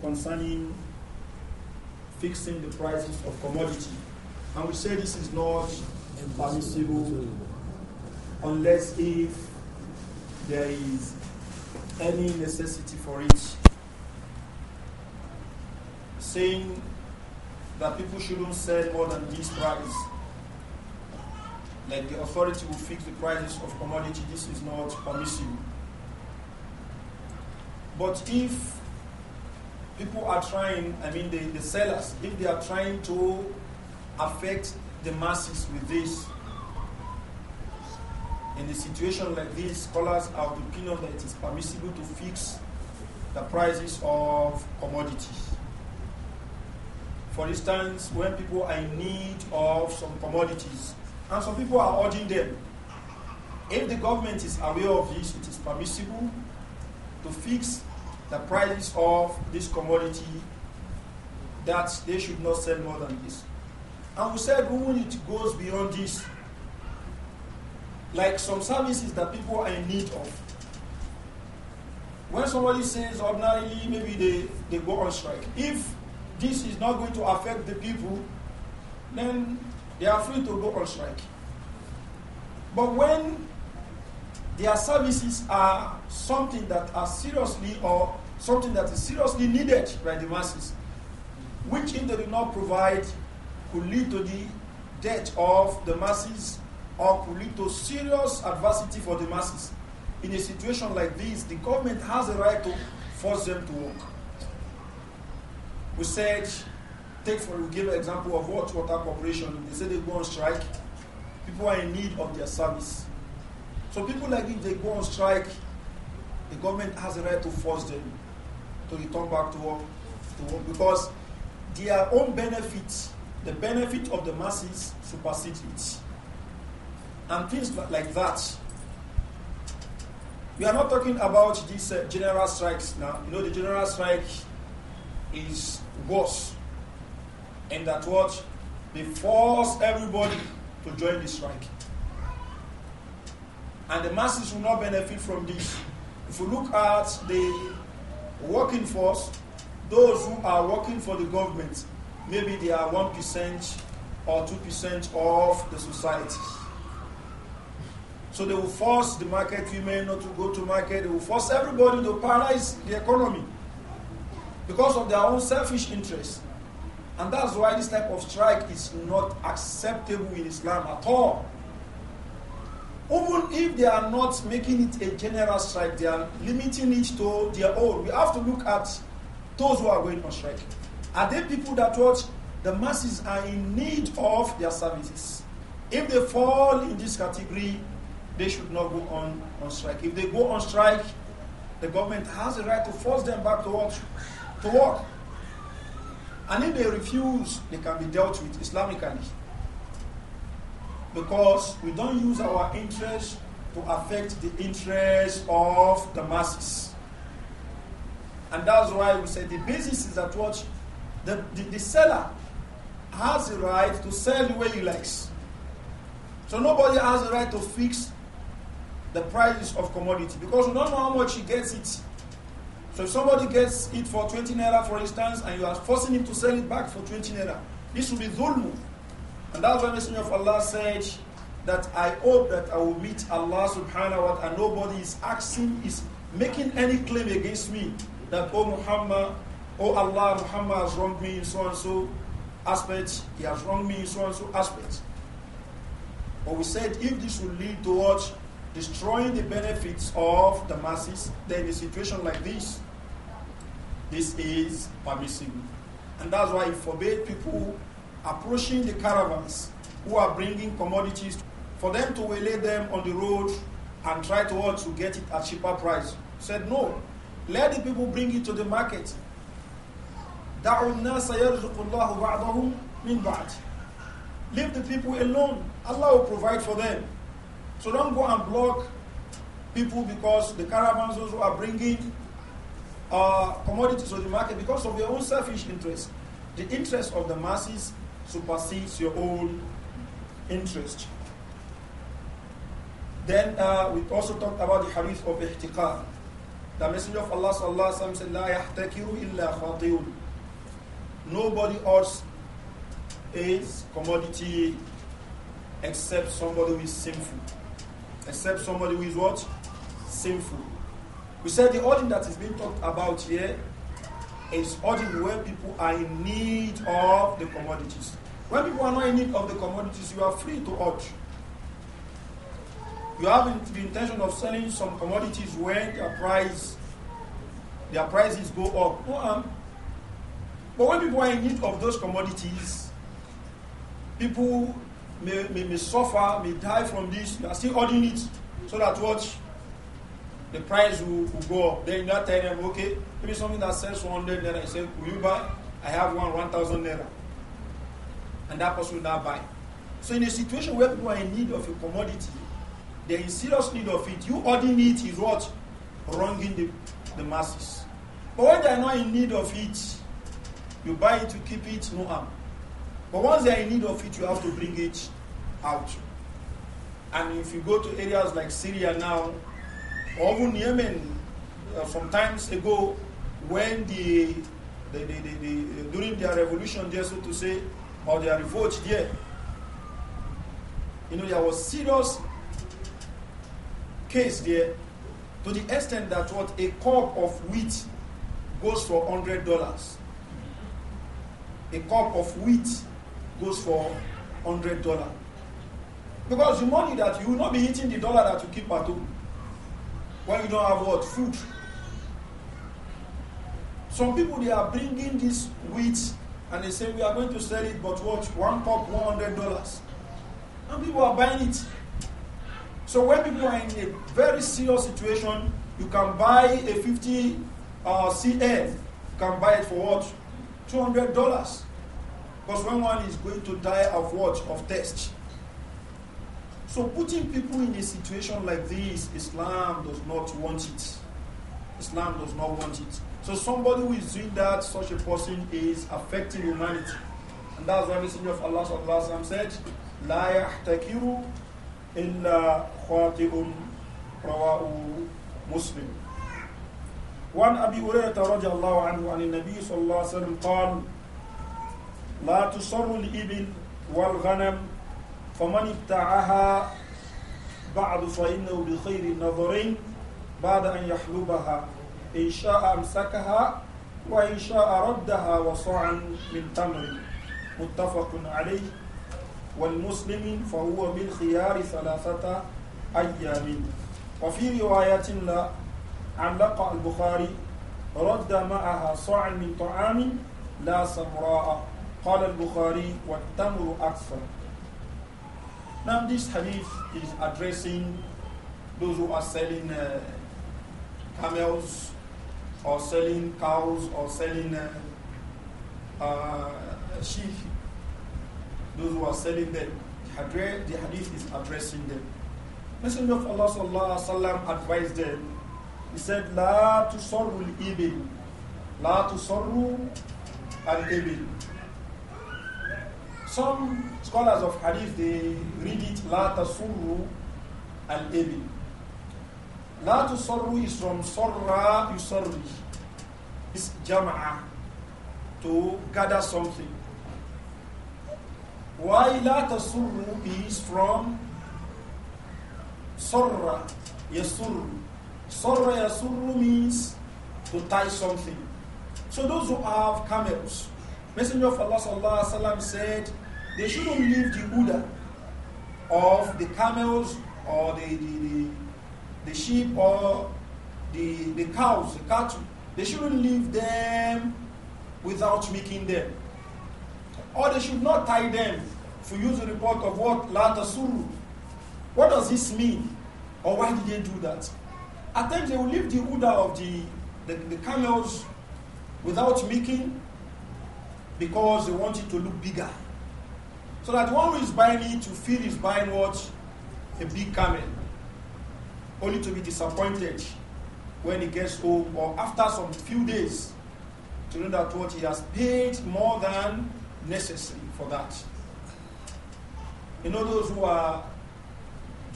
concerning fixing the prices of commodity. And we say this is not permissible unless if there is any necessity for it. Saying that people shouldn't sell more than this price, like the authority will fix the prices of commodity, this is not permissible. But if people are trying, I mean, the, the sellers, if they are trying to affect the masses with this, in a situation like this, scholars have the opinion that it is permissible to fix the prices of commodities. For instance, when people are in need of some commodities, and some people are urging them, if the government is aware of this, it is permissible to fix the prices of this commodity that they should not sell more than this. And we said when it goes beyond this, like some services that people are in need of. When somebody says ordinarily maybe they, they go on strike, if this is not going to affect the people, then they are free to go on strike. But when their services are something that are seriously or something that is seriously needed by the masses, which if they do not provide could lead to the death of the masses or could lead to serious adversity for the masses. In a situation like this, the government has a right to force them to work. We said, take for we give an example of what water corporation. They say they go on strike. People are in need of their service. So people like if they go on strike, the government has a right to force them to return back to work, to work because their own benefit, the benefit of the masses, supersedes it. And things like that. We are not talking about these uh, general strikes now. You know, the general strike is worse in that what they force everybody to join the strike. And the masses will not benefit from this. If you look at the working force, those who are working for the government, maybe they are 1% or 2% of the society. So they will force the market women not to go to market. They will force everybody to paralyze the economy because of their own selfish interests. And that's why this type of strike is not acceptable in Islam at all. Even if they are not making it a general strike, they are limiting it to their own. We have to look at those who are going on strike. Are they people that what the masses are in need of their services? If they fall in this category, they should not go on, on strike. If they go on strike, the government has the right to force them back to work. To work. And if they refuse, they can be dealt with Islamically. Because we don't use our interest to affect the interest of the masses. And that's why we say the business is that what the, the, the seller has the right to sell the way he likes. So nobody has the right to fix the prices of commodity because we don't know how much he gets it. So if somebody gets it for 20 naira, for instance, and you are forcing him to sell it back for 20 naira, this will be zulmu. And that's why Messenger of Allah said that I hope that I will meet Allah subhanahu wa ta'ala. Nobody is asking, is making any claim against me that, oh Muhammad, oh Allah, Muhammad has wronged me in so and so aspect, he has wronged me in so and so aspect. But we said if this will lead towards destroying the benefits of the masses, then a situation like this, this is permissible. And that's why he forbade people approaching the caravans who are bringing commodities for them to waylay them on the road and try to to get it at cheaper price. Said no, let the people bring it to the market. Leave the people alone. Allah will provide for them. So don't go and block people because the caravans also are bringing uh, commodities to the market because of their own selfish interest. The interest of the masses supersedes your own interest. Then uh, we also talked about the hadith of ihtiqar. The Messenger of Allah sallallahu alaihi wasallam said, "La yahtakiru illa khatiun." Nobody else is commodity except somebody who is sinful. Except somebody who is what? Sinful. We said the order that is being talked about here is ordering where people are in need of the commodities. When people are not in need of the commodities, you are free to urge. You have the intention of selling some commodities when their price, their prices go up. But when people are in need of those commodities, people may, may, may suffer, may die from this. You are still ordering it so that what the price will, will go up. Then you not telling them, okay, maybe something that sells 100 naira. You say, will you buy? I have one 1,000 naira and that person will not buy. So in a situation where people are in need of a commodity, they're in serious need of it. You ordering it is what? Wronging the, the masses. But when they're not in need of it, you buy it, you keep it, no harm. But once they're in need of it, you have to bring it out. And if you go to areas like Syria now, or even Yemen, uh, from times ago, when the, the, the, the, the during their revolution, just so to say, or their revolt there. You know, there was serious case there to the extent that what a cup of wheat goes for hundred dollars. A cup of wheat goes for hundred dollars. Because the money that you will not be eating the dollar that you keep at home when you don't have what? Food. Some people they are bringing this wheat and they say, We are going to sell it, but what? One cup, $100. And people are buying it. So when people are in a very serious situation, you can buy a 50 uh, you can buy it for what? $200. Because when one is going to die of what? Of thirst. So putting people in a situation like this, Islam does not want it. Islam does not want it. So somebody who is doing that, such a person is affecting humanity. And that's why Messenger of Allah said, La yahtakiru illa khati'un rawa'u muslim. One أبي هريرة رضي الله عنه عن النبي صلى الله عليه وسلم قال لا تصر الإبل والغنم فمن ابتعها بعد فإنه بخير النظرين بعد أن يحلبها إن شاء أمسكها وإن شاء ردها وصاعا من تمر متفق عليه والمسلم فهو بالخيار ثلاثة أيام وفي رواية لا علق البخاري رد معها صاع من طعام لا سمراء قال البخاري والتمر أكثر Now this hadith is addressing those who are selling uh, camels or selling cows or selling uh, uh, sheep, those who are selling them, the hadith is addressing them. Messenger of Allah sallallahu alaihi wasallam advised them. He said, "La tusorru al-ibil, la tusorru al ibin." Some scholars of hadith they read it "la tasurru al ibin. La tusarru is from sarra yusarri. It's jama'ah. To gather something. Why la tasurru is from sarra yasurru. Sarra yasurru means to tie something. So those who have camels, Messenger of Allah sallallahu said, they shouldn't leave the udder of the camels or the, the, the the sheep or the, the cows, the cattle, they shouldn't leave them without milking them. Or they should not tie them for use the report of what? Latasuru. What does this mean? Or why did they do that? At times they will leave the udder of the, the, the camels without milking because they want it to look bigger. So that one who is buying it to feel is buying what? A big camel only to be disappointed when he gets home or after some few days to know that what he has paid more than necessary for that. You know those who are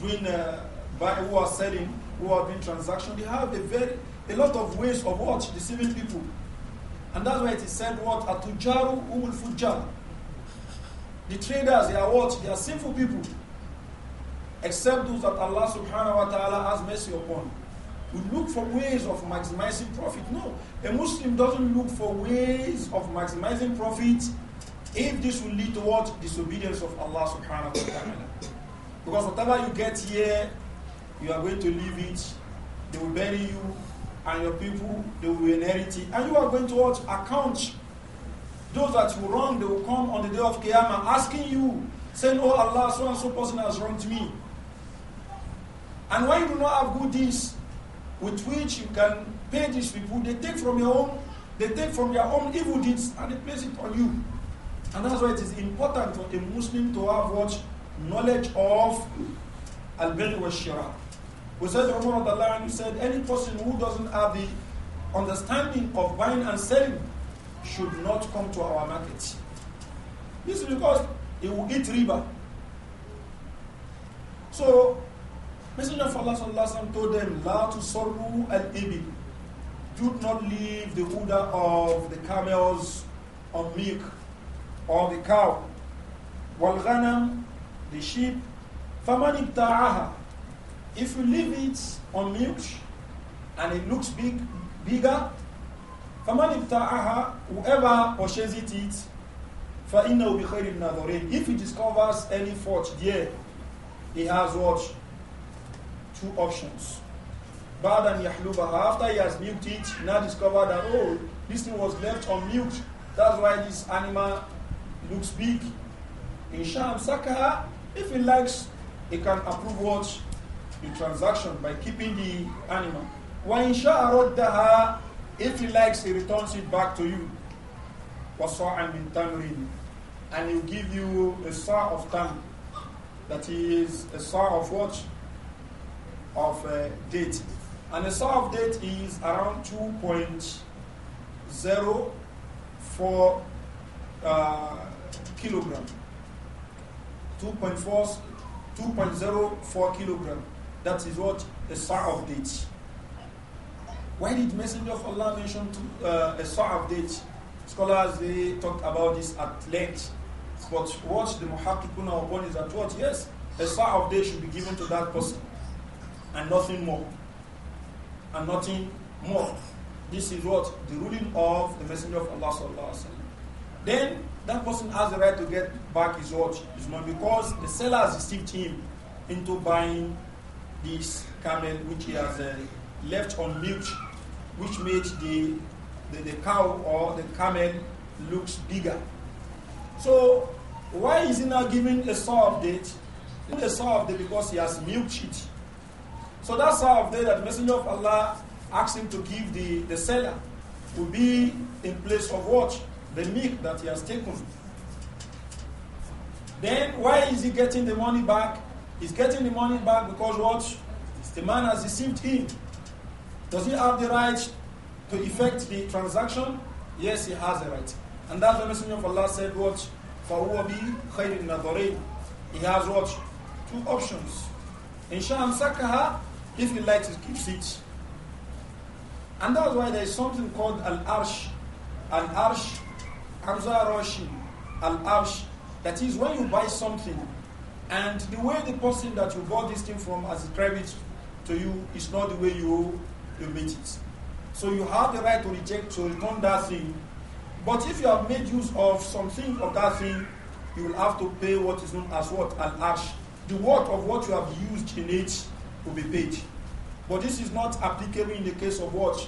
doing, uh, buy, who are selling, who are doing transaction, they have a very a lot of ways of what deceiving people, and that's why it is said what atujaru umul fujar. The traders they are what they are sinful people except those that Allah subhanahu wa ta'ala has mercy upon. We look for ways of maximizing profit. No, a Muslim doesn't look for ways of maximizing profit if this will lead towards disobedience of Allah subhanahu wa ta'ala. Because whatever you get here, you are going to leave it, they will bury you, and your people, they will inherit it. And you are going to what? Account. Those that you wrong, they will come on the day of Qiyamah asking you, saying, Oh Allah, so and so person has wronged me. And why you do not have good deeds with which you can pay these people? They take from your own, they take from their own evil deeds and they place it on you. And that's why it is important for a Muslim to have what knowledge of al-bir wa shira. We said Umar said any person who doesn't have the understanding of buying and selling should not come to our market. This is because he will eat riba. So Messenger of Allah وسلم told them, La to sorru al ibil. Do not leave the udder of the camels on milk or the cow. Wal ghanam, the sheep. Faman ibta'aha. If you leave it on milk and it looks big, bigger, faman ibta'aha, whoever purchases it, فَإِنَّهُ بِخَيْرِ النَّذَرِينَ If he discovers any fault there, he has watched two options. Bad and Yahluba. After he has milked it, now discovered that, oh, this thing was left unmilked. That's why this animal looks big. In Sham Sakaha, if he likes, he can approve what? The transaction by keeping the animal. When Sha'aroddaha, if he likes, he returns it back to you. Wasa'an bin tamrin. And he'll give you a saw of time That is a saw of what? of uh, date. And the of date is around 2.04 uh, kilogram. 2.4 2.04 kilogram. That is what a size of date. Why did Messenger of Allah mention to, uh, a saw of date? Scholars they talk about this at length. But what the muhakkikun are upon is that what yes, a size of date should be given to that person and nothing more. And nothing more. This is what? The ruling of the Messenger of Allah. then that person has the right to get back his watch, his money, because the seller has deceived him into buying this camel which he has uh, left on mute, which made the, the, the cow or the camel looks bigger. So why is he now giving a saw update? A saw update because he has milked it. So how of day that the Messenger of Allah asked him to give the, the seller to be in place of what? The milk that he has taken. Then why is he getting the money back? He's getting the money back because what? The man has deceived him. Does he have the right to effect the transaction? Yes, he has the right. And that's the Messenger of Allah said what? فَهُوَ بِي خَيْرٍ He has what? Two options. إِنْ if you like, it keeps it. And that's why there is something called al arsh, al arsh, amza roshi, al arsh. That is when you buy something, and the way the person that you bought this thing from has described it to you is not the way you you meet it. So you have the right to reject to return that thing. But if you have made use of something of that thing, you will have to pay what is known as what? Al arsh. The worth of what you have used in it will be paid. But this is not applicable in the case of what?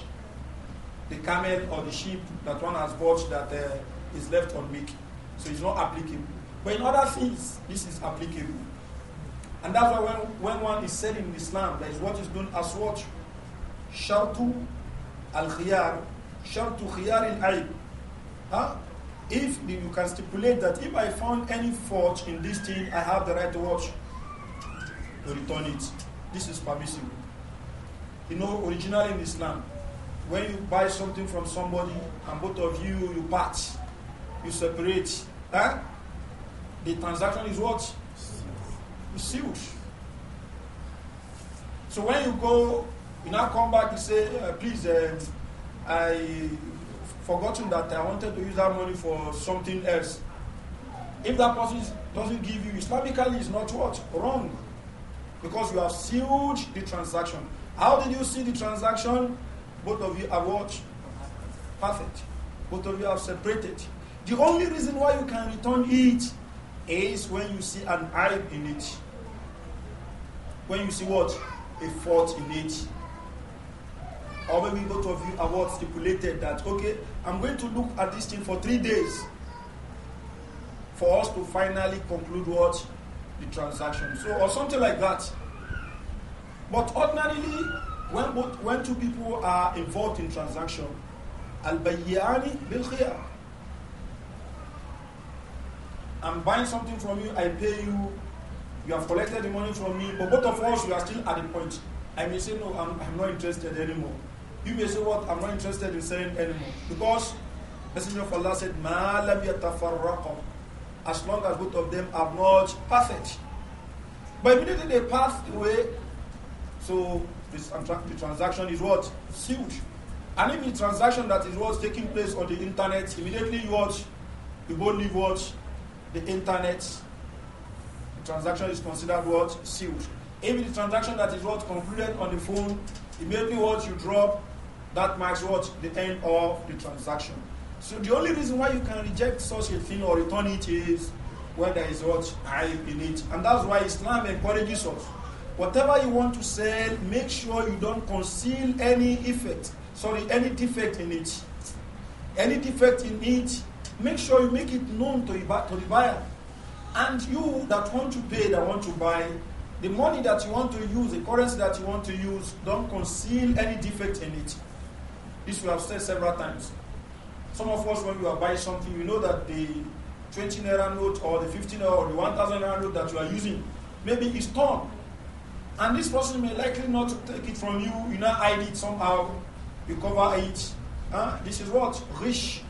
The camel or the sheep that one has bought that uh, is left on milk. So it's not applicable. But in other things, this is applicable. And that's why when, when one is said in Islam, that is what is known as what? Shartu al-khiyar, shartu khiyar al-aib. Huh? If you can stipulate that if I found any fault in this thing, I have the right to watch, to return it this is permissible. You know, originally in Islam, when you buy something from somebody and both of you, you part, you separate, eh? the transaction is what? It's sealed. So when you go, you now come back, and say, uh, please, uh, I forgotten that I wanted to use that money for something else. If that person doesn't give you, Islamically, it's not what? Wrong. Because you have sealed the transaction. How did you see the transaction? Both of you have what? Perfect. Both of you have separated. The only reason why you can return it is when you see an eye in it. When you see what? A fault in it. Or maybe both of you are what stipulated that, okay, I'm going to look at this thing for three days for us to finally conclude what? the transaction. So, or something like that. But ordinarily, when, when two people are involved in transaction, al-bayyani bil I'm buying something from you, I pay you, you have collected the money from me, but both of us, we are still at the point. I may say, no, I'm, I'm not interested anymore. You may say, what? I'm not interested in selling anymore. Because Messenger of Allah said, ma lam as long as both of them are not perfect. But immediately they passed away, so this, the transaction is what? Sealed. And if the transaction that is what's taking place on the internet, immediately you watch, you go leave what? The internet. The transaction is considered what? Sealed. If the transaction that is what concluded on the phone, immediately what you drop, that marks what? The end of the transaction. So the only reason why you can reject such a thing or return it is when there is what hype in it. And that's why Islam encourages us. Whatever you want to sell, make sure you don't conceal any effect. Sorry, any defect in it. Any defect in it, make sure you make it known to the buyer. And you that want to pay, that want to buy, the money that you want to use, the currency that you want to use, don't conceal any defect in it. This we have said several times. Some of us, when you are buying something, you know that the 20 naira note or the 15 or the 1,000 naira note that you are using, maybe is torn. And this person may likely not take it from you. You now hide it somehow. You cover it. Huh? This is what? Rich.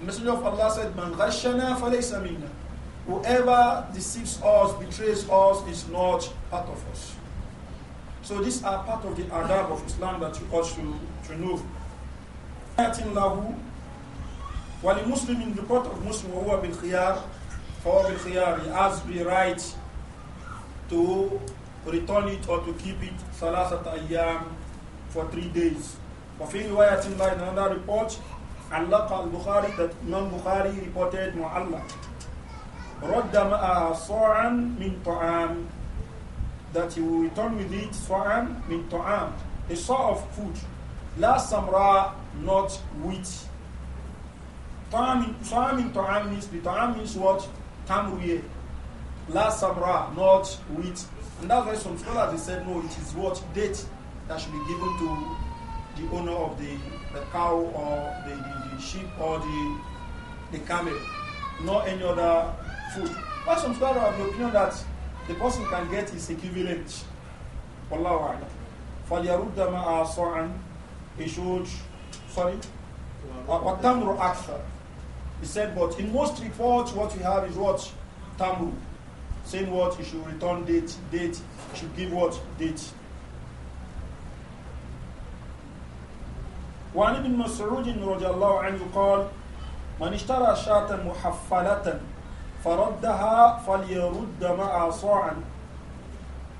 The Messenger of Allah said, Man ghashana falaysa minna. Whoever deceives us, betrays us, is not part of us. So these are part of the adab of Islam that you ought to, to know. ولمسلم in the report of Muslim وهو بالخيار فهو بالخيار he has the right to return it or to keep it ثلاثة أيام for three days وفي رواية الله in another report علق البخاري that Imam Bukhari reported معلق رد معها صاعا من طعام that he will return with it صاعا من طعام a sort of food لا سمراء not wheat Ta'amin ta'am means ta'am means what? Tamruye. last sabra not wheat. And that's why some scholars have said no, it is what date that should be given to the owner of the, the cow or the, the, the sheep or the the camel, not any other food. But some scholars have the opinion that the person can get his equivalent. Wallahu a'lam. فَلْيَرُدَّ مَعَ صَعًا He should, sorry, وَالتَّمْرُ أَكْثَرُ he said, but in most reports, what we have is what? Tamu Saying what? You should return date, date. You should give what? Date. وعن ابن مسعود رضي الله عنه قال من اشترى شاة محفلة فردها فليرد مع صاعا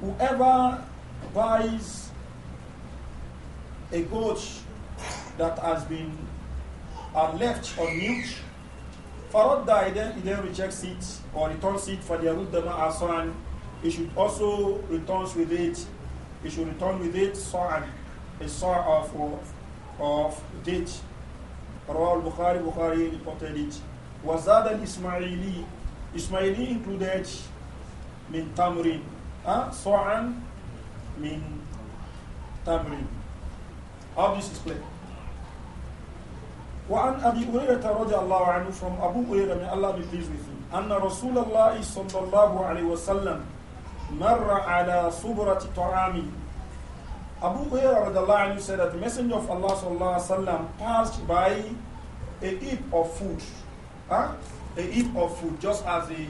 whoever buys a goat that has been are left on mute Faradda, died, then, he then rejects it or returns it for the Aruddama Aswan. He should also returns with it. He should return with it Sa'an, a Sa' of, of, of date. Rawal Bukhari, Bukhari reported it. Wazad al Ismaili. Ismaili included min tamrin. Huh? Sa'an min tamrin. How this is played. وعن أبي هريرة رضي الله عنه from Abu Hurairah may Allah be pleased with him أن رسول الله صلى الله عليه وسلم مر على صبرة طعام Abu Hurairah رضي الله عنه said that the messenger of Allah صلى الله عليه وسلم passed by a heap of food huh? a heap of food just as the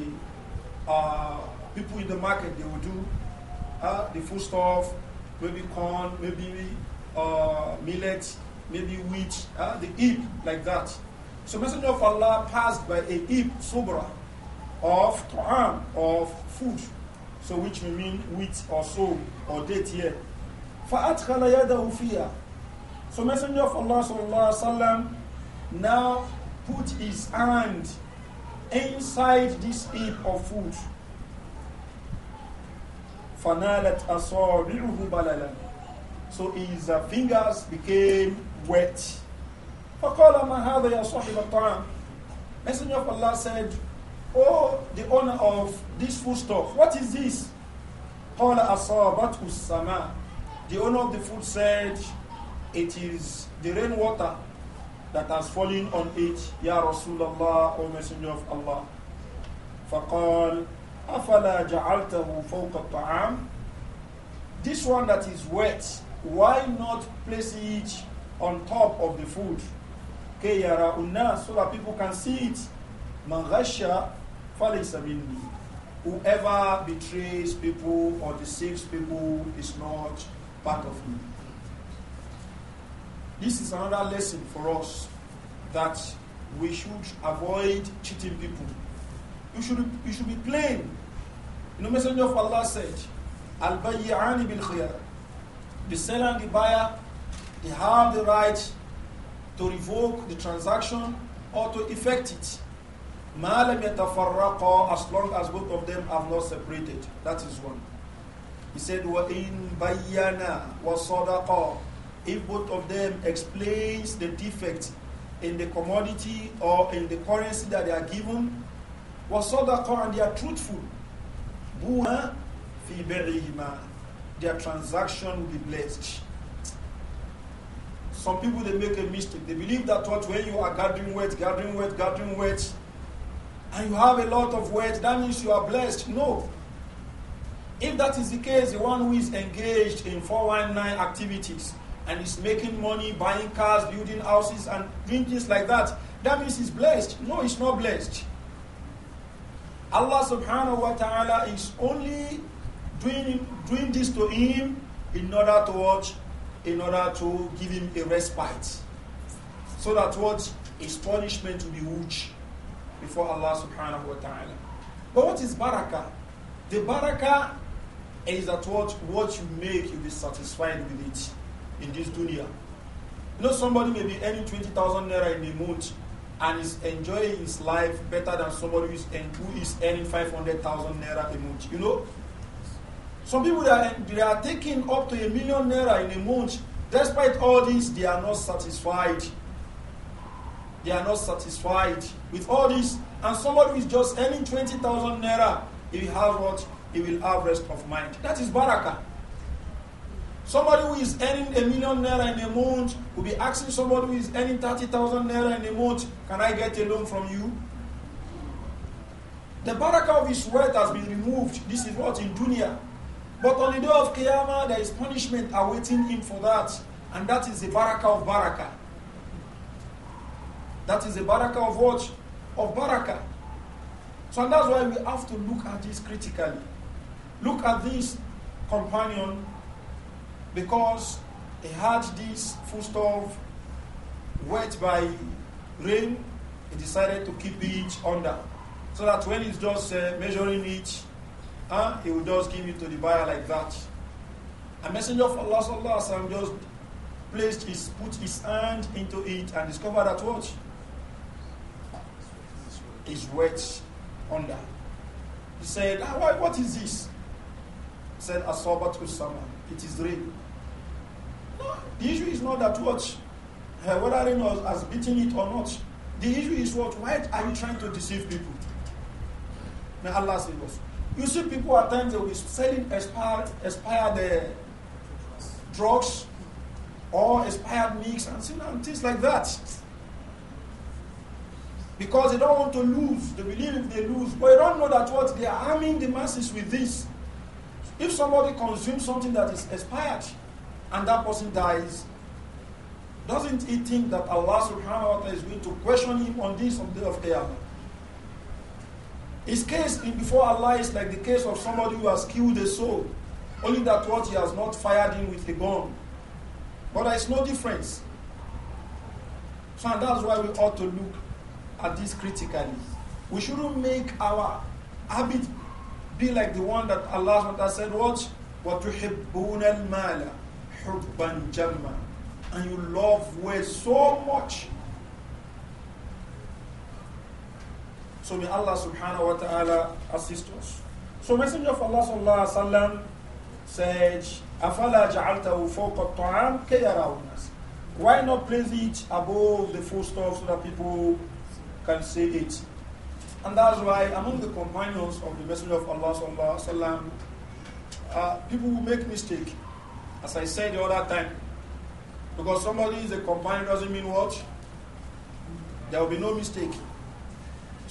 uh, people in the market they would do uh, the food stuff maybe corn maybe uh, millet maybe wheat, uh, the heap like that. So Messenger of Allah passed by a heap, sobra, of ta'am, of food. So which may mean wheat or so, or date here. So Messenger of Allah sallallahu alaihi wasallam now put his hand inside this heap of food. So his uh, fingers became wet. فَقَالَ مَا هَذَا يَا صَحِبَ الطَّعَامِ Messenger of Allah said, Oh, the owner of this foodstuff, what is this? قَالَ أَصَابَتْهُ السَّمَاءِ The owner of the food said, It is the rainwater that has fallen on it, Ya Rasulullah, O Messenger of Allah. فَقَالَ أَفَلَا جَعَلْتَهُ فَوْقَ الطَّعَامِ This one that is wet, why not place it on top of the food. So that people can see it. Man ghasha Whoever betrays people or deceives people is not part of me. This is another lesson for us that we should avoid cheating people. You should, you should be plain. You know, Messenger of Allah said, al bil-khiyar. The seller and the buyer they have the right to revoke the transaction or to effect it. as long as both of them have not separated. That is one. He said, wa in bayana wa If both of them explains the defect in the commodity or in the currency that they are given, wa and they are truthful. fi Their transaction will be blessed some people they make a mistake. They believe that what when you are gathering weight, gathering weight, gathering weight, and you have a lot of weight, that means you are blessed. No. If that is the case, the one who is engaged in 419 activities and is making money, buying cars, building houses, and doing things like that, that means he's blessed. No, he's not blessed. Allah subhanahu wa ta'ala is only doing, doing this to him in order to watch in order to give him a respite. So that what his punishment will be huge before Allah subhanahu wa ta'ala. But what is barakah? The barakah is that what, what you make, you'll be satisfied with it in this dunya. You know, somebody may be earning 20,000 naira in a month and is enjoying his life better than somebody who is, who is earning 500,000 naira a month. You know, some people, they are, they are taking up to a million naira in a month. Despite all this, they are not satisfied. They are not satisfied with all this. And somebody who is just earning 20,000 naira, he will have what? He will have rest of mind. That is baraka. Somebody who is earning a million naira in a month will be asking somebody who is earning 30,000 naira in a month, Can I get a loan from you? The baraka of his wealth has been removed. This is what in dunya. But on the day of Qiyamah, there is punishment awaiting him for that. And that is the barakah of barakah. That is the barakah of what? Of barakah. So that's why we have to look at this critically. Look at this companion because he had this stove wet by rain. He decided to keep it under so that when he's just uh, measuring it, huh? he will just give it to the buyer like that. A messenger of Allah sallallahu alaihi wasallam just placed his put his hand into it and discovered that what is wet under. He said, ah, why, what is this? He said, to Sama. It is rain. No, the issue is not that what, uh, whether rain has beaten it or not. The issue is what, why are you trying to deceive people? May Allah save us. You see, people at times they will be selling expired, expired uh, drugs or expired mix and things like that. Because they don't want to lose. They believe if they lose. But they don't know that what they are harming the masses with this. If somebody consumes something that is expired and that person dies, doesn't he think that Allah subhanahu wa ta'ala is going to question him on this on the day of Qiyamah? His case before Allah is like the case of somebody who has killed a soul, only that what he has not fired him with a gun. But there is no difference. So and that's why we ought to look at this critically. We shouldn't make our habit be like the one that Allah said, "What? وَتُحِبُّونَ الْمَالَ حُبًّا جَمًّا And you love wealth so much So may Allah subhanahu wa ta'ala assist us. So Messenger of Allah sallallahu wa wasallam said, "Afala ja'altahu fawqa at-ta'am Why not place it above the foodstuff so that people can see it? And that's why among the companions of the Messenger of Allah sallallahu wa wasallam, uh, people will make mistake. As I said the other time, because somebody is a companion doesn't mean what? There will be no mistake.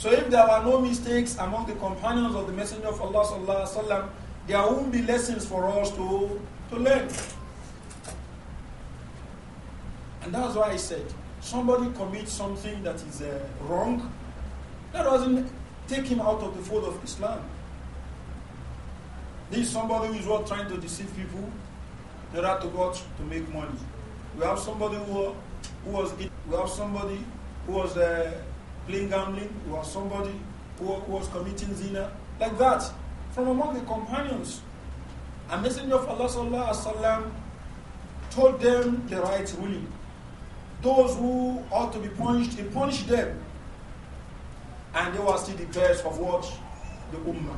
So if there were no mistakes among the companions of the Messenger of Allah sallallahu alaihi wasallam, there won't be lessons for us to, to learn. And that's why I said, somebody commits something that is uh, wrong, that doesn't take him out of the fold of Islam. This somebody who is what trying to deceive people there are to God to make money. We have somebody who, who was we have somebody who was uh, playing gambling, you are somebody who, who was committing zina, like that, from among the companions. A messenger of Allah sallallahu alaihi wasallam told them the right ruling. Those who ought to be punished, he punished them. And they were still the best of what? The Ummah.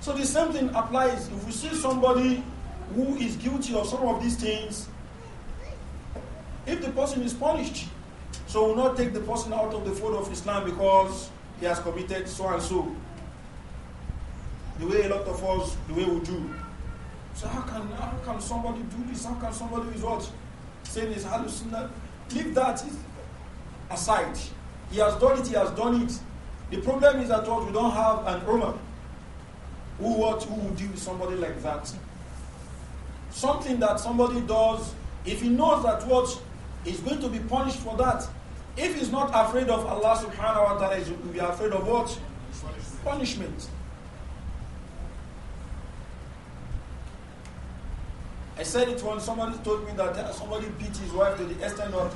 So the same thing applies. If we see somebody who is guilty of some of these things, if the person is punished, so we will not take the person out of the fold of Islam because he has committed so and so. The way a lot of us, the way we do. So how can how can somebody do this? How can somebody who is what? Saying is hallucinat. Leave that aside. He has done it, he has done it. The problem is that what we don't have an Umar who what who would deal with somebody like that. Something that somebody does, if he knows that what is going to be punished for that, if he's not afraid of Allah subhanahu wa ta'ala, he will be afraid of what? Punishment. I said it when somebody told me that uh, somebody beat his wife to the extent of,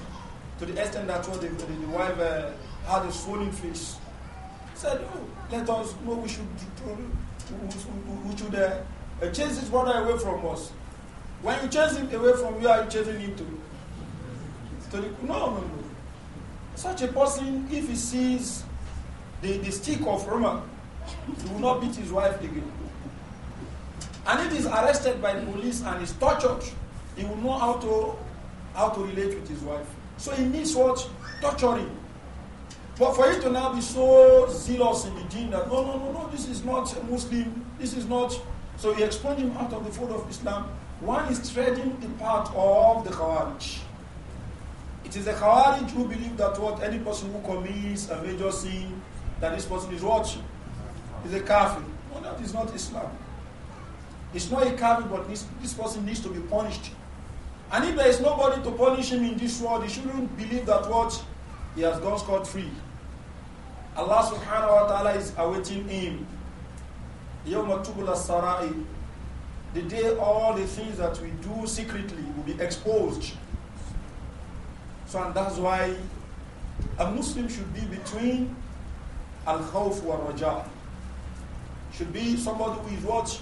to the extent that what the, the, wife uh, had a swollen face. I said, oh, let us know we should, we should uh, uh chase his brother away from us. When you chase him away from you, are you chasing him to? to the, no, no, no. Such a person, if he sees the, the stick of Roman, he will not beat his wife again. And if he's arrested by the police and is tortured, he will know how to how to relate with his wife. So he needs what? Torturing. But for you to now be so zealous in the deen that no, no, no, no, this is not a Muslim, this is not. So you expunge him out of the fold of Islam. One is treading the path of the Khawarij. It is the Khawarij who believe that what any person who commits a major sin, that this person is watching, is a kafir. No, that is not Islam. It's not a kafir, but this, this person needs to be punished. And if there is nobody to punish him in this world, he shouldn't believe that what he has gone scot free. Allah subhanahu wa ta'ala is awaiting him. The day all the things that we do secretly will be exposed. So and that's why a Muslim should be between al-khawf wa raja. Should be somebody who is what?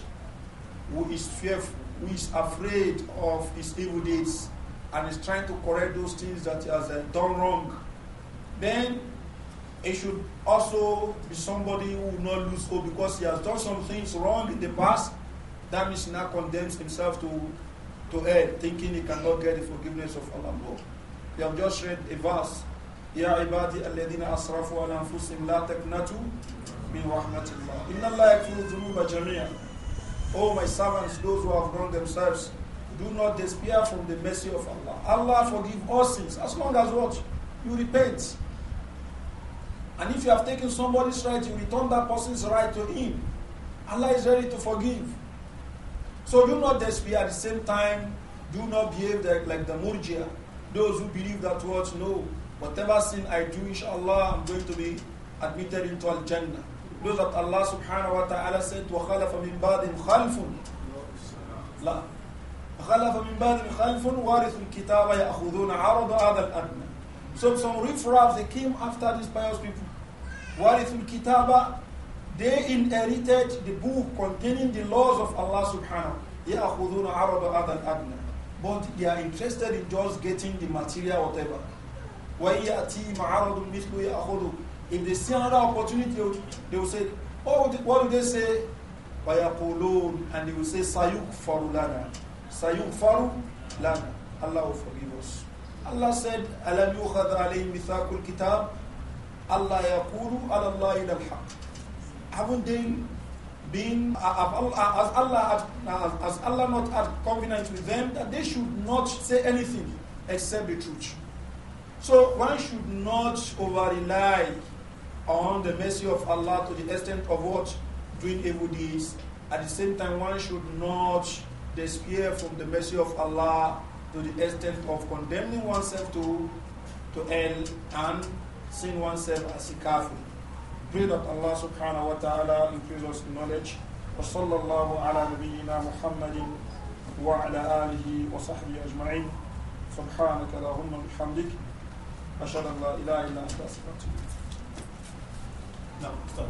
Who is fearful, who is afraid of his evil deeds and is trying to correct those things that he has uh, done wrong. Then it should also be somebody who will not lose hope because he has done some things wrong in the past. That means he now condemns himself to, to hell, thinking he cannot get the forgiveness of Allah. We have just read a verse. يا عبادي الذين أسرفوا على لا تقنطوا من رحمة الله إن الله يغفر الذنوب Oh my servants, those who have wronged themselves, do not despair from the mercy of Allah. Allah forgive all sins as long as what? You repent. And if you have taken somebody's right, you return that person's right to him. Allah is ready to forgive. So do not despair at the same time. Do not behave like, like the murjia those who believe that words no, whatever sin I do, inshallah, I'm going to be admitted into Al Jannah. Those that Allah subhanahu wa ta'ala said, وَخَلَفَ مِن بَعْدِهِمْ خَلْفٌ لا خَلَفَ مِن بَعْدِهِمْ خَلْفٌ وَارِثُ kitaba, يَأْخُذُونَ عَرَضَ 'ad الْأَدْنَى So some riffraff, they came after these pious people. وَارِثُ kitaba, They inherited the book containing the laws of Allah subhanahu. يَأْخُذُونَ عَرَضَ 'ad الْأَدْنَى but they are interested in just getting the material, whatever. If they see another opportunity, they will say, Oh, what do they say? And they will say, Sayuk faru lana. Sayuk faru lana. Allah will forgive us. Allah said, Alam yukhad alayhim mithakul kitab. Allah yakulu ala Allah haq. Haven't they been, uh, uh, uh, as Allah, as Allah not had covenant with them, that they should not say anything except the truth. So one should not over rely on the mercy of Allah to the extent of what? Doing evil deeds. At the same time, one should not despair from the mercy of Allah to the extent of condemning oneself to, to hell and seeing oneself as a kafir. pray that Allah subhanahu wa ta'ala increase us in knowledge. وصلى الله على نبينا محمد وعلى آله وصحبه أجمعين سبحانك اللهم وبحمدك أشهد أن لا إله إلا أنت أستغفرك نعم أستاذ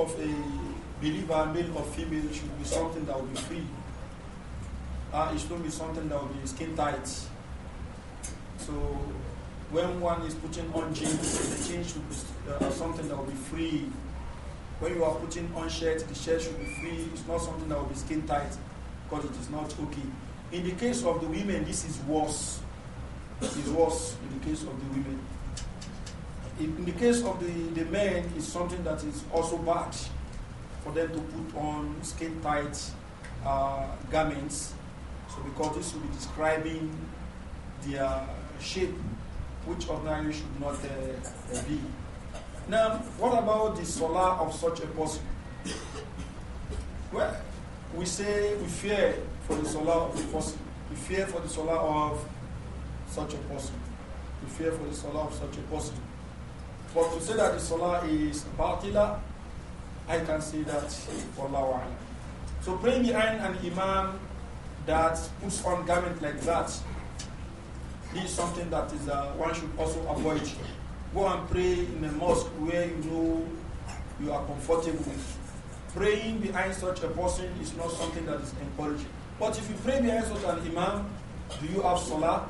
of a believer, male or female, should be something that will be free. Uh, it should be something that will be skin tight. So when one is putting on jeans, the jeans should be uh, something that will be free. When you are putting on shirt, the shirt should be free. It's not something that will be skin tight because it is not okay. In the case of the women, this is worse. It is worse in the case of the women in the case of the, the men, it's something that is also bad for them to put on skin tight uh, garments. So, because this will be describing their shape, which ordinarily should not uh, be. Now, what about the solar of such a person? Well, we say we fear for the solar of the person. We fear for the solar of such a person. We fear for the solar of such a person. But to say that the salah is batila, I can say that for Lawan. So praying behind an imam that puts on garment like that is something that is uh, one should also avoid. Go and pray in a mosque where you know you are comfortable with. Praying behind such a person is not something that is encouraging. But if you pray behind such an imam, do you have salah?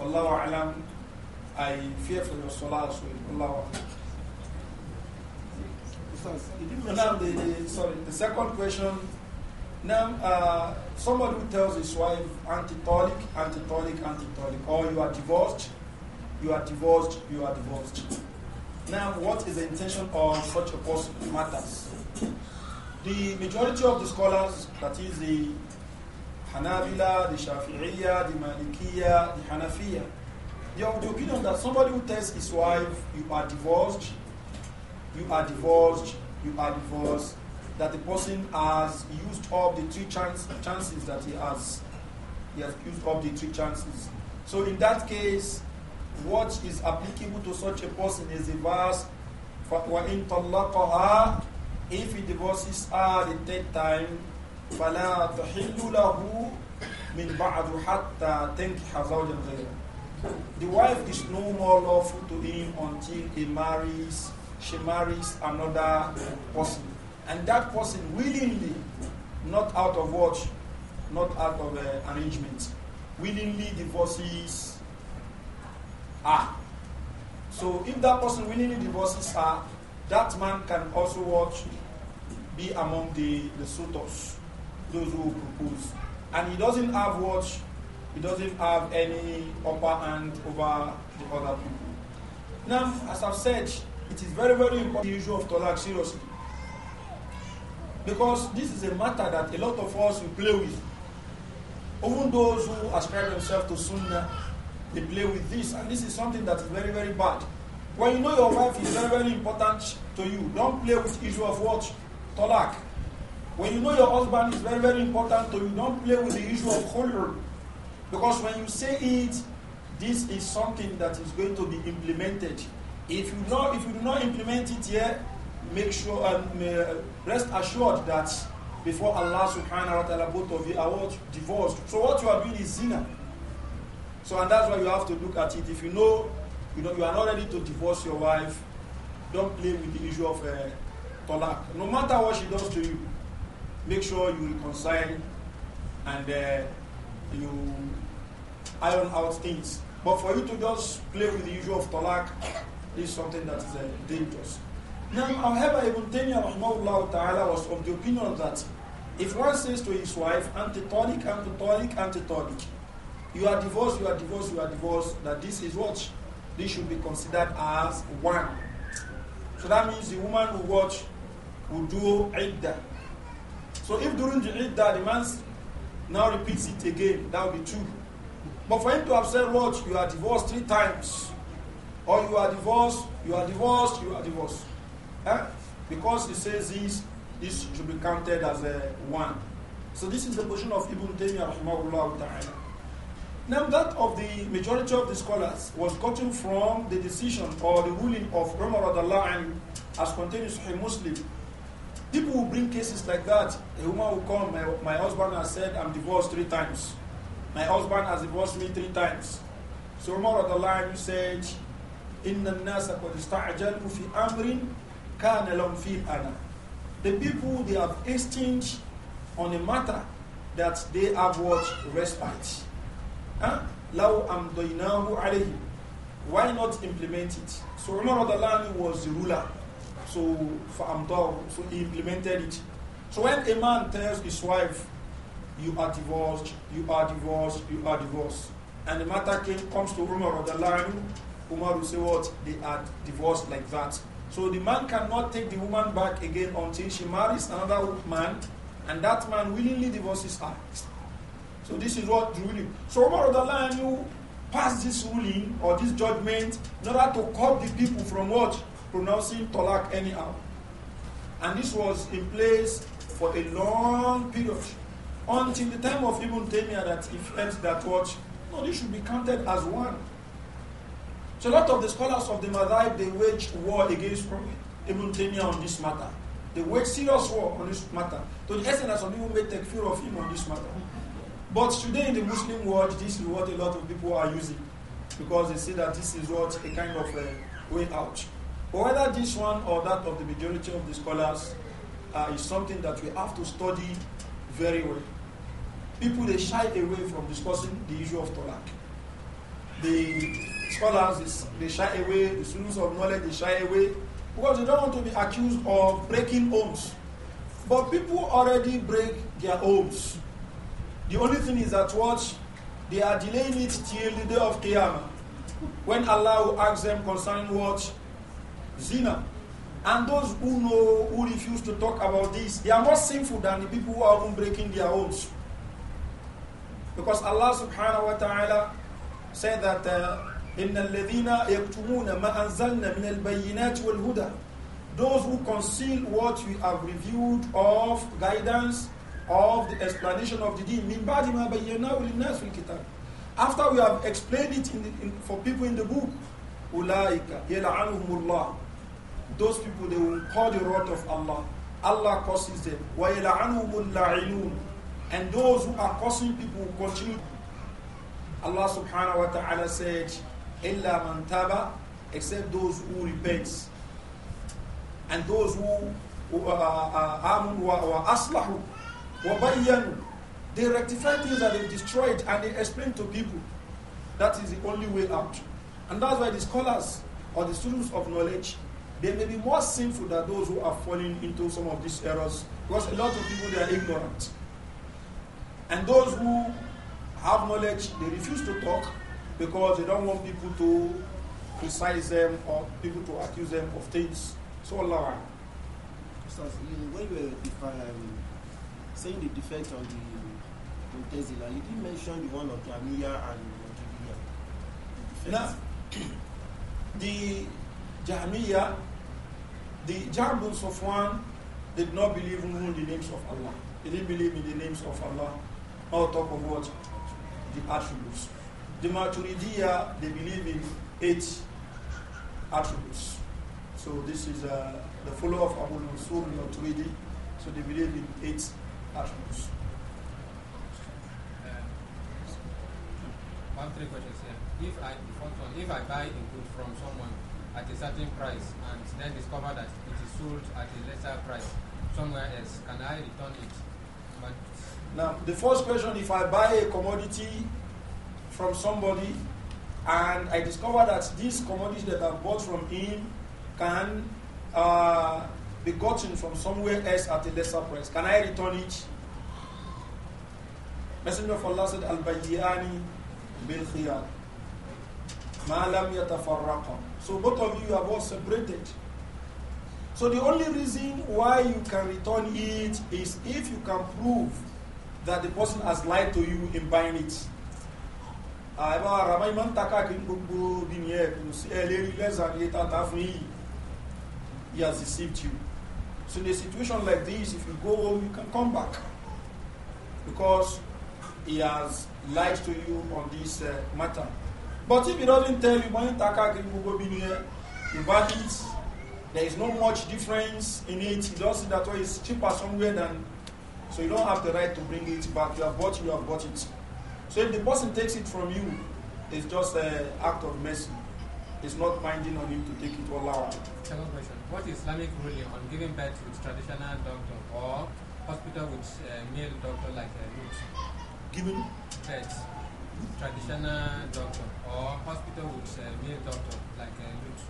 Allahu alam, I fear for your scholars, so Allah. Now, the, the, sorry, the second question. Now, uh, somebody who tells his wife, antitolic, antitolic, antitolic, or you are divorced, you are divorced, you are divorced. Now, what is the intention of such a person matters. The majority of the scholars, that is the Hanabila, the Shafi'iyya, the Malikiyya, the Hanafiya, you have the opinion that somebody who tells his wife, you are divorced, you are divorced, you are divorced, that the person has used up the three chance, chances that he has. He has used up the three chances. So in that case, what is applicable to such a person is the verse, وَإِن طَلَّقَهَا If he divorces her the third time, فَلَا تَحِلُّ لَهُ مِن بَعْدُ حَتَّى تَنْكِحَ زَوْجًا غَيْرَهُ the wife is no more lawful to him until he marries, she marries another person. And that person willingly, not out of watch, not out of uh, arrangement, willingly divorces her. So if that person willingly divorces her, that man can also watch, be among the, the suitors, those who propose. And he doesn't have watch he doesn't have any upper hand over the other people. Now, as I've said, it is very, very important the issue of Tolak seriously. Because this is a matter that a lot of us we play with. Even those who ascribe themselves to Sunnah, they play with this. And this is something that is very, very bad. When you know your wife is very, very important to you, don't play with issue of what? Tolak. When you know your husband is very, very important to you, don't play with the issue of khulr. Because when you say it, this is something that is going to be implemented. If you not, if you do not implement it here, make sure and um, uh, rest assured that before Allah subhanahu wa ta'ala both of you are divorced. So what you are doing is zina. So and that's why you have to look at it. If you know you know you are not ready to divorce your wife, don't play with the issue of uh, talak. No matter what she does to you, make sure you reconcile and uh, you iron out things. But for you to just play with the issue of talak is something that is uh, dangerous. Now, however, Ibn Taymiyyah ta'ala was of the opinion that if one says to his wife, antitonic, antitonic, antitonic, you are divorced, you are divorced, you are divorced, that this is what? This should be considered as one. So that means the woman who watch will do iddah. So if during the iddah the man now repeats it again, that will be two. But for him to have said, What, you are divorced three times, or you are divorced, you are divorced, you are divorced. Eh? Because he says this, this should be counted as a one. So this is the position of Ibn Taymiyyah Now that of the majority of the scholars was gotten from the decision or the ruling of Umar as contained in Sahih Muslim. People will bring cases like that. A woman will come, my, my husband has said I'm divorced three times. My husband has divorced me three times. So Umar of the line said, إِنَّ النَّاسَ قَدْ اسْتَعْجَلُوا فِي أَمْرٍ كَانَ لَمْ فِي The people, they have instinct on a matter that they have what? Respite. Huh? لَوْ أَمْضَيْنَاهُ alayhi. Why not implement it? So Umar of the line was the ruler. So, فَأَمْضَاهُ So he implemented it. So when a man tells his wife, you are divorced, you are divorced, you are divorced. And the matter came, comes to Umar of the line, Umar will say what? They are divorced like that. So the man cannot take the woman back again until she marries another man, and that man willingly divorces her. So this is what ruling. So Umar of the line, you pass this ruling or this judgment in order to cut the people from what? Pronouncing talak anyhow. And this was in place for a long period until the time of Ibn Taymiyyah that he felt that what? No, this should be counted as one. So a lot of the scholars of the Madhab, they waged war against Ibn Taymiyyah on this matter. They waged serious war on this matter. To the extent that some people may take fear of him on this matter. But today in the Muslim world, this is what a lot of people are using because they see that this is what a kind of a way out. But whether this one or that of the majority of the scholars uh, is something that we have to study very well people they shy away from discussing the issue of talak. The scholars they shy away, the students of knowledge they shy away because they don't want to be accused of breaking homes. But people already break their homes. The only thing is that what they are delaying it till the day of Qiyamah when Allah will ask them concerning what? Zina. And those who know, who refuse to talk about this, they are more sinful than the people who are even breaking their homes. Because Allah subhanahu wa ta'ala said that إِنَّ الَّذِينَ يَكْتُمُونَ مَا أَنزَلْنَا مِنَ الْبَيِّنَاتِ وَالْهُدَى Those who conceal what we have revealed of guidance, of the explanation of the deen, مِنْ بَعْدِ مَا بَيَّنَاهُ لِلنَّاسِ فِي الْكِتَابِ After we have explained it in the, in, for people in the book, أُولَٰئِكَ يَلَعَنُهُمُ اللَّهُ Those people, they will call the wrath of Allah. Allah causes them. وَيَلَعَنُهُمُ اللَّعِنُونَ and those who are causing people will continue. Allah subhanahu wa ta'ala said, Illa man taba, except those who repent. And those who uh, uh, uh, amun wa aslahu wa bayyanu. They rectify things that they destroyed and they explain to people. That is the only way out. And that's why the scholars or the students of knowledge, they may be more sinful than those who are falling into some of these errors. Because a lot of people, they are ignorant. And those who have knowledge, they refuse to talk because they don't want people to criticize them or people to accuse them of things. So Allah. when you were um, saying the defect on the Montezila, you didn't mention the one of Jamia and Montezila. Now, the Jamia, the Jabul Sofwan did not believe in the names of Allah. They didn't believe in the names of Allah. Now talk of what? The attributes. The Maturidiyah, they believe in eight attributes. So this is uh, the follower of Abu Mansur al-Maturidi. So they believe in eight attributes. Um, one, three questions here. If I if I buy a good from someone at a certain price and then discover that it is sold at a lesser price somewhere else, can I return it? Now, the first question if I buy a commodity from somebody and I discover that this commodity that I bought from him can uh, be gotten from somewhere else at a lesser price, can I return it? Messenger of Allah said, Al-Bayyani bil Ma'alam yatafarraqa. So both of you have both separated. So the only reason why you can return it is if you can prove that the person has lied to you in buying it. he has deceived you so in a situation like this if you go home you can come back because he has lied to you on this uh, matter but if he doesn't tell you ìmọ̀ taka ta káàkiri gbogbo obìnrin you buy it there is no much difference in it he just see that oh it's cheaper somewhere than so you don't have the right to bring it back. You have bought, you have bought it. So if the person takes it from you, it's just an act of mercy. It's not binding on him to take it or allow Second question. What is Islamic ruling on giving birth with traditional doctor or hospital with uh, male doctor like a uh, root? Giving? Birth traditional doctor or hospital with uh, male doctor like a uh, root?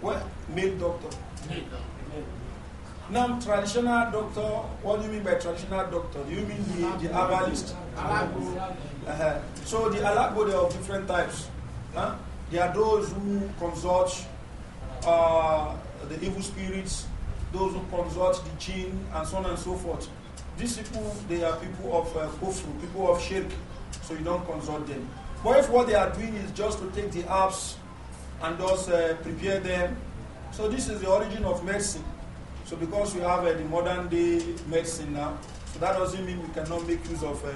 What? Male doctor? Male doctor. Male. Now, traditional doctor, what do you mean by traditional doctor? Do you mean the, the herbalist? Uh, so the alagbo, they are different types. Huh? There are those who consult uh, the evil spirits, those who consult the jinn, and so on and so forth. These people, they are people of uh, kufru, people of shirk, so you don't consult them. But if what they are doing is just to take the herbs and thus uh, prepare them, so this is the origin of medicine. So because we have uh, the modern day medicine now, so that doesn't mean we cannot make use of uh,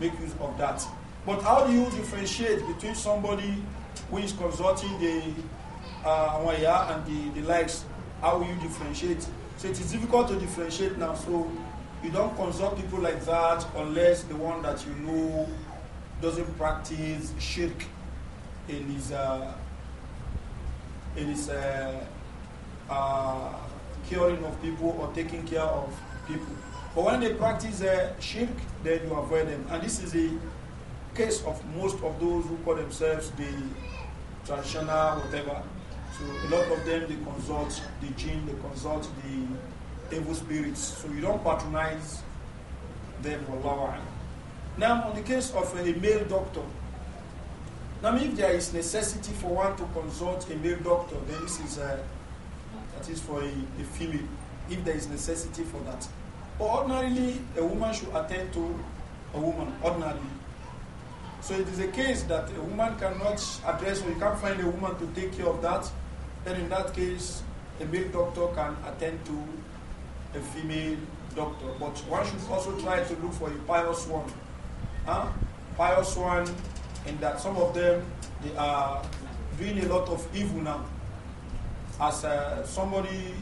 make use of that. But how do you differentiate between somebody who is consulting the uh, and the, the likes? How will you differentiate? So it is difficult to differentiate now. So you don't consult people like that unless the one that you know doesn't practice shirk in his uh, in his uh, uh, Caring of people or taking care of people. But when they practice uh, shirk, then you avoid them. And this is the case of most of those who call themselves the traditional whatever. So a lot of them, they consult the jinn, they consult the evil spirits. So you don't patronize them, for long. Now, on the case of a male doctor, now if there is necessity for one to consult a male doctor, then this is a uh, is for a, a female, if there is necessity for that. But ordinarily, a woman should attend to a woman, ordinarily. So it is a case that a woman cannot address or you can't find a woman to take care of that. Then in that case, a male doctor can attend to a female doctor. But one should also try to look for a pious one. Huh? Pious one in that some of them they are doing a lot of evil now. As uh, somebody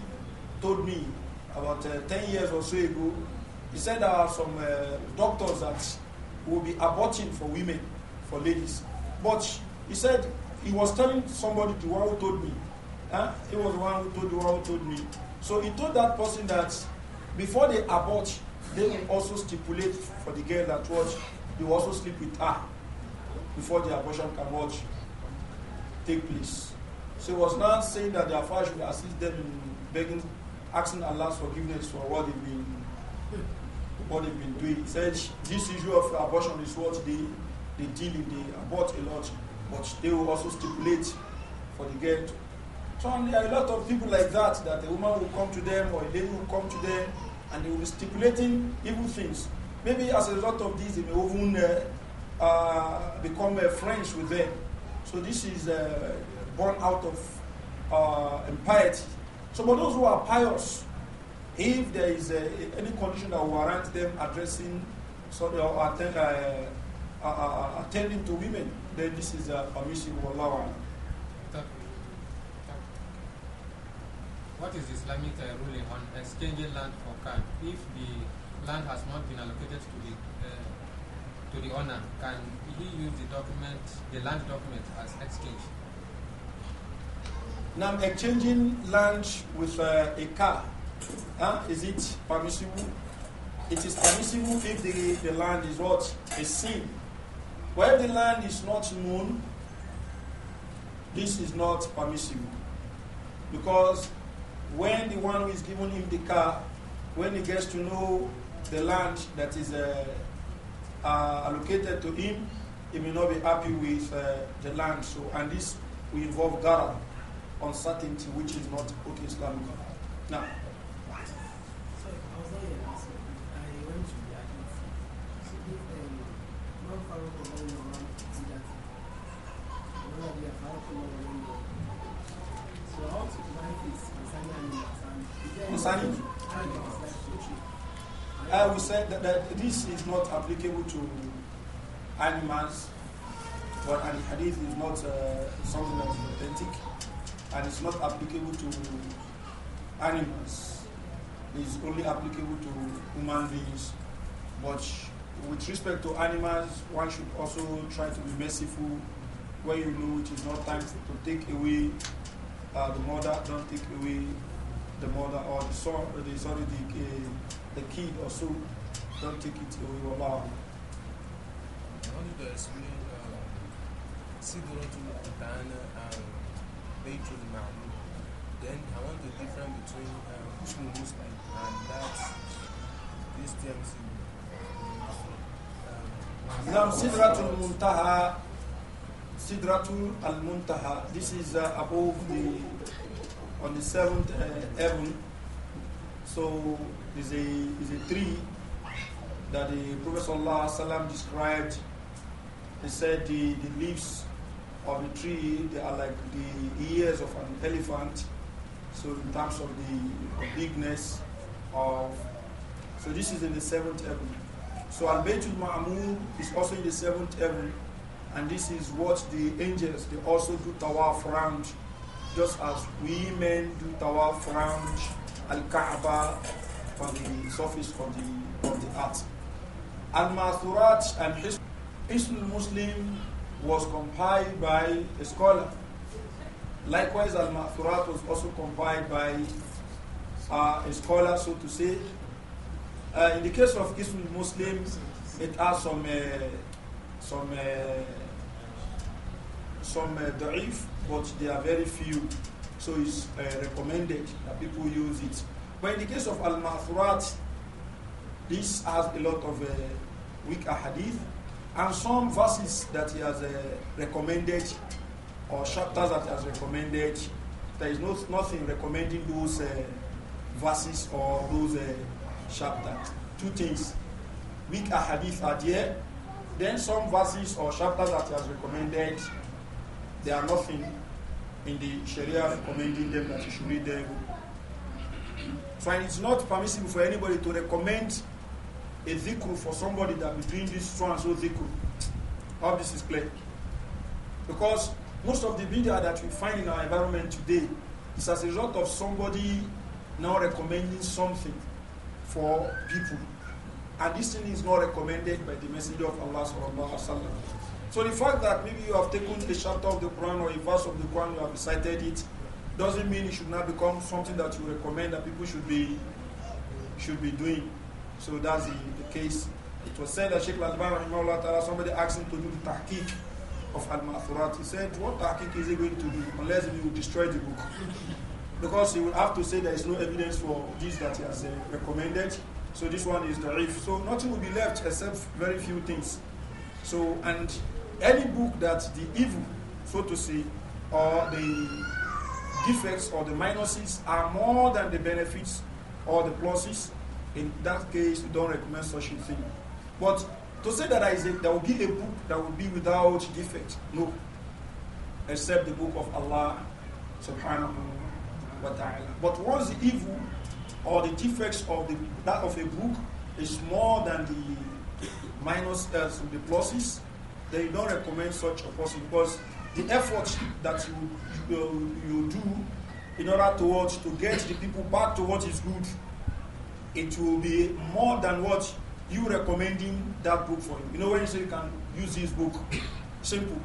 told me about uh, 10 years or so ago, he said there are some uh, doctors that will be aborting for women, for ladies. But he said he was telling somebody, the who told me, huh? he was the one who told the one who told me. So he told that person that before they abort, they will also stipulate for the girl that was, they will also sleep with her before the abortion can watch take place. So he was not saying that their father should assist them in begging, asking Allah's forgiveness for what they've been, what they've been doing. He said this issue of abortion is what they, they deal in. They abort a lot, but they will also stipulate for the girl. To, so there are a lot of people like that, that a woman will come to them or a lady will come to them and they will be stipulating evil things. Maybe as a result of this, they may even uh, uh, become uh, friends with them. So this is uh, born out of uh, impiety. So, for those who are pious, if there is a, uh, any condition that warrants them addressing so they uh, are attend, uh, uh, uh, uh, attending to women, then this is uh, permissible. Allah. What is Islamic ruling on exchanging land for cash? If the land has not been allocated to the to the owner, can he use the document, the land document, as exchange? Now I'm exchanging land with uh, a car. Is it permissible? It is permissible if the, the land is what? A sin. Where the land is not known, this is not permissible. Because when the one who is giving him the car, when he gets to know the land that is uh, uh, allocated to him, he may not be happy with uh, the land. So, and this will involve Gara uncertainty which is not okay Islam. Now. sorry, I will um, say that, that this is not applicable to animals, but hadith is not uh, something that is authentic and it's not applicable to animals. It's only applicable to human beings. But with respect to animals, one should also try to be merciful when you know it is not time to take away uh, the mother, don't take away the mother or the son, the, sorry, the, uh, the kid or so, don't take it away. Allah. I wanted to explain uh, now. Then I want the difference between um, Muslim and that this Now, um, Sidratul Muntaha, Sidratul Al Muntaha, this is uh, above the, on the seventh uh, heaven. So, is a, is a tree that the Prophet ﷺ described. He said the, the leaves of the tree, they are like the ears of an elephant. So in terms of the bigness of, so this is in the seventh heaven. So Al-Baytul Ma'amun is also in the seventh heaven. And this is what the angels, they also do tawaf around, just as we men do tawaf around Al-Kaaba on the surface of the, of the earth. Al-Mathurat and his Muslim was compiled by a scholar. Likewise, Al Ma'thurat was also compiled by uh, a scholar, so to say. Uh, in the case of Ismail Muslim, it has some uh, some uh, some uh, da'if, but they are very few. So it's uh, recommended that people use it. But in the case of Al Ma'thurat, this has a lot of uh, weak hadith and some verses that he has uh, recommended or chapters that he has recommended. There is no, nothing recommending those uh, verses or those uh, chapters. Two things. Weak ahadith are there. Then some verses or chapters that he has recommended, there are nothing in the Sharia recommending them that you should read them. So it's not permissible for anybody to recommend a zikr for somebody that be doing this so and so zikr. this is clear. Because most of the media that we find in our environment today is as a result of somebody now recommending something for people. And this thing is not recommended by the Messenger of Allah. So the fact that maybe you have taken a chapter of the Quran or a verse of the Quran, you have recited it, doesn't mean it should not become something that you recommend that people should be should be doing. So that's the, the case. It was said that Sheikh Al-Ban, somebody asked him to do the tahqiq of Al-Ma'thurat. He said, what tahqiq is he going to do unless he will destroy the book? because he will have to say there is no evidence for this that he has uh, recommended. So this one is the if. So nothing will be left except very few things. So, and any book that the evil, so to say, or the defects or the minuses are more than the benefits or the pluses, in that case, we don't recommend such a thing. But to say that a, there will be a book that will be without defect, no. Except the book of Allah subhanahu wa ta'ala. But once the evil or the defects of the, that of a book is more than the minus uh, the pluses, then you don't recommend such a person because the effort that you, you, uh, you do in order towards to get the people back to what is good it will be more than what you recommending that book for him. You know when you say you can use this book, simple.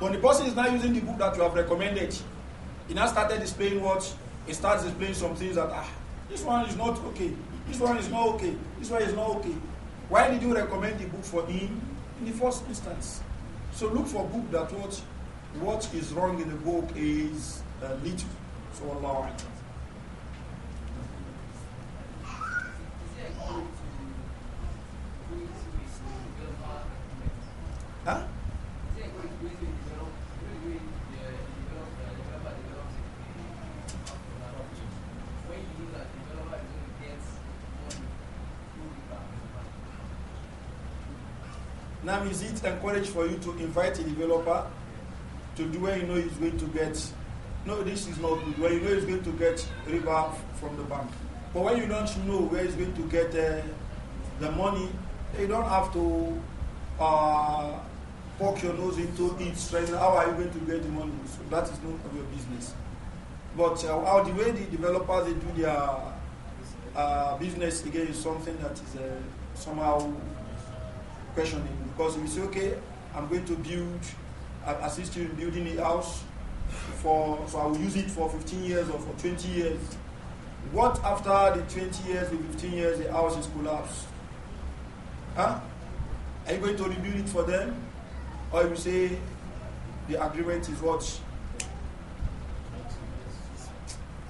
When the person is not using the book that you have recommended, he now started displaying what he starts displaying some things that ah, this one is not okay, this one is not okay, this one is not okay. Why did you recommend the book for him in the first instance? So look for book that what what is wrong in the book is uh, little. So Allah. Now is it encouraged for you to invite a developer to do where you know he's going to get no this is not good where you know he's going to get river from the bank. But when you don't know where he's going to get uh, the money, you don't have to uh, poke your nose into it, stress, how are you going to get the money? So that is none of your business. But uh, how the way the developers they do their uh, business again is something that is uh, somehow questioning because we say, okay, I'm going to build, I'll assist you in building a house for, so I will use it for 15 years or for 20 years. What after the 20 years, the 15 years, the house is collapsed? Huh? Are you going to rebuild it for them? Or you say the agreement is what?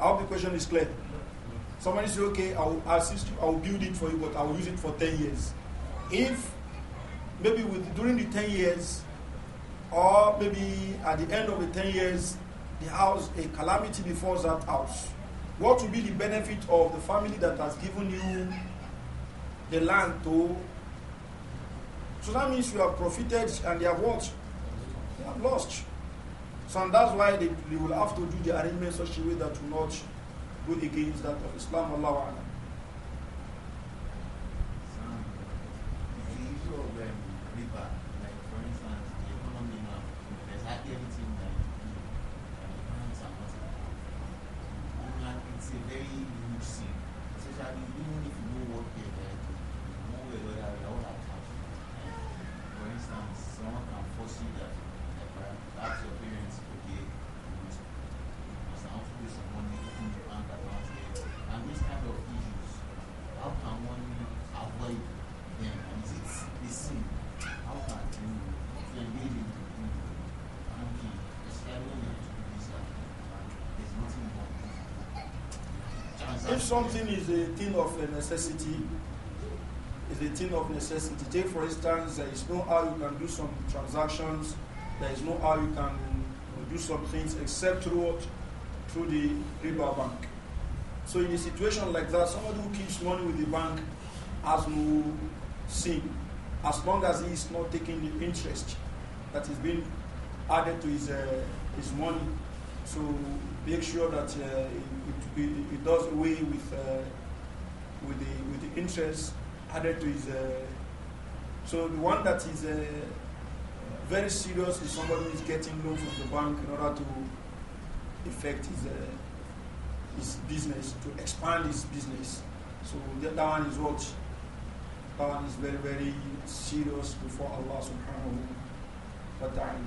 I hope the question is clear. Somebody say, okay, I will assist you, I will build it for you, but I will use it for 10 years. If maybe with, during the 10 years, or maybe at the end of the 10 years, the house, a calamity befalls that house. What will be the benefit of the family that has given you the land to so that means you have profited and they have what? They have lost. So and that's why they, they will have to do the arrangement such a way that will not go against that of Islam. Allah something is a thing of a necessity, is a thing of necessity. Take for instance, there is no how you can do some transactions, there is no how you can do some things except through Through the riba bank. So in a situation like that, somebody who keeps money with the bank has no sin, as long as he is not taking the interest that is being added to his uh, his money. So make sure that uh, it, it, it, does away with, uh, with, the, with the interest added to his. Uh, so the one that is uh, very serious is somebody who is getting loan from the bank in order to effect his, uh, his business, to expand his business. So that one is what that one is very, very serious before Allah subhanahu wa ta'ala.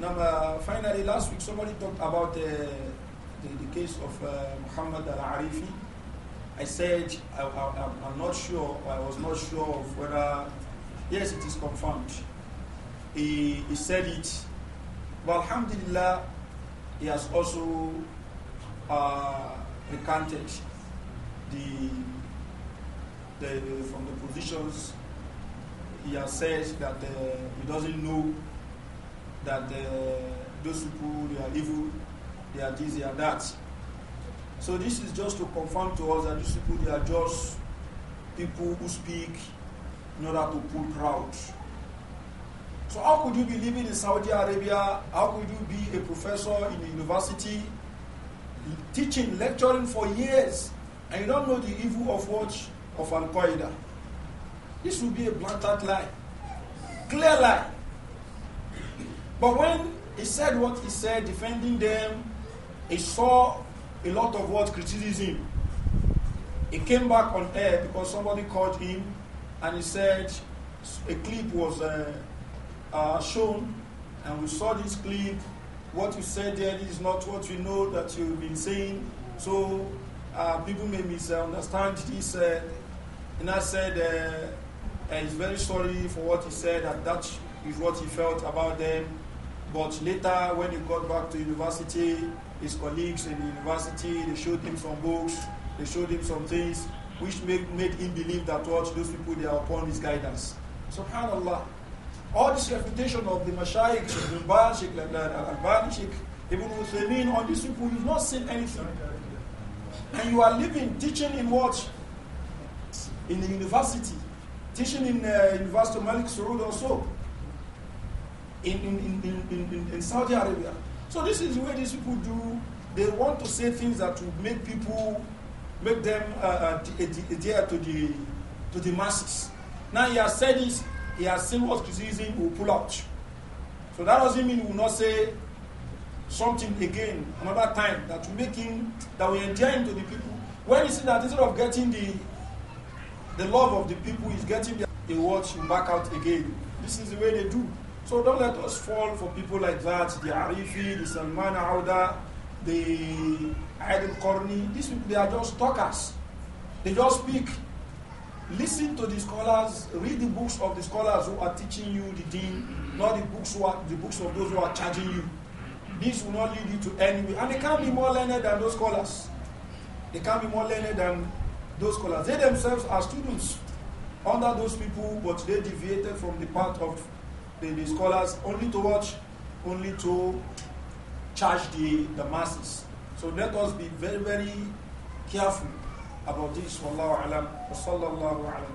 Now, uh, finally, last week somebody talked about uh, the, the, case of uh, Muhammad al Arifi. I said I, am not sure, I was not sure of whether, yes, it is confirmed. He, he said it. But Alhamdulillah, he has also uh, recanted the, the, the, from the positions. He has said that uh, he doesn't know that uh, those people, they are evil, they are this, they are that. So this is just to confirm to us that these people, they are just people who speak in order to pull crowds. So how could you be living in Saudi Arabia? How could you be a professor in the university, teaching, lecturing for years, and you don't know the evil of what of Al Qaeda? This would be a blatant lie, clear lie. But when he said what he said, defending them, he saw a lot of what criticism. He came back on air because somebody called him and he said a clip was uh, uh, shown and we saw this clip. What you said there is not what we know that you've been saying. So uh, people may misunderstand this. Uh, and I said he's uh, very sorry for what he said and that is what he felt about them but later, when he got back to university, his colleagues in the university, they showed him some books, they showed him some things, which make, made him believe that what those people, they are upon his guidance. Subhanallah. All this reputation of the Mashaykh, the Baz, Sheikh Al-Albani, Sheikh Ibn Uthaymeen, on these people, you've not seen anything. And you are living, teaching in what? In the university. Teaching in uh, University of Malik Surud also in, in, in, in, Saudi Arabia. So this is the way these people do. They want to say things that will make people, make them uh, uh, adhere to the, to the masses. Now he has said this, he has seen what criticism will pull out. So that doesn't mean he will not say something again another time that will make him, that will endear him to the people. When he see that instead of getting the the love of the people is getting the, the what back out again. This is the way they do. So don't let us fall for people like that, the Arifi, the Salman Auda, the Adil Korni. These people, they are just talkers. They just speak. Listen to the scholars, read the books of the scholars who are teaching you the deen, not the books, who are, the books of those who are charging you. This will not lead you to anywhere. And they can't be more learned than those scholars. They can't be more learned than those scholars. They themselves are students under those people, but they deviated from the path of the, the scholars only to watch, only to charge the, the masses. So let us be very, very careful about this. Wallahu alam. Wa sallallahu alam.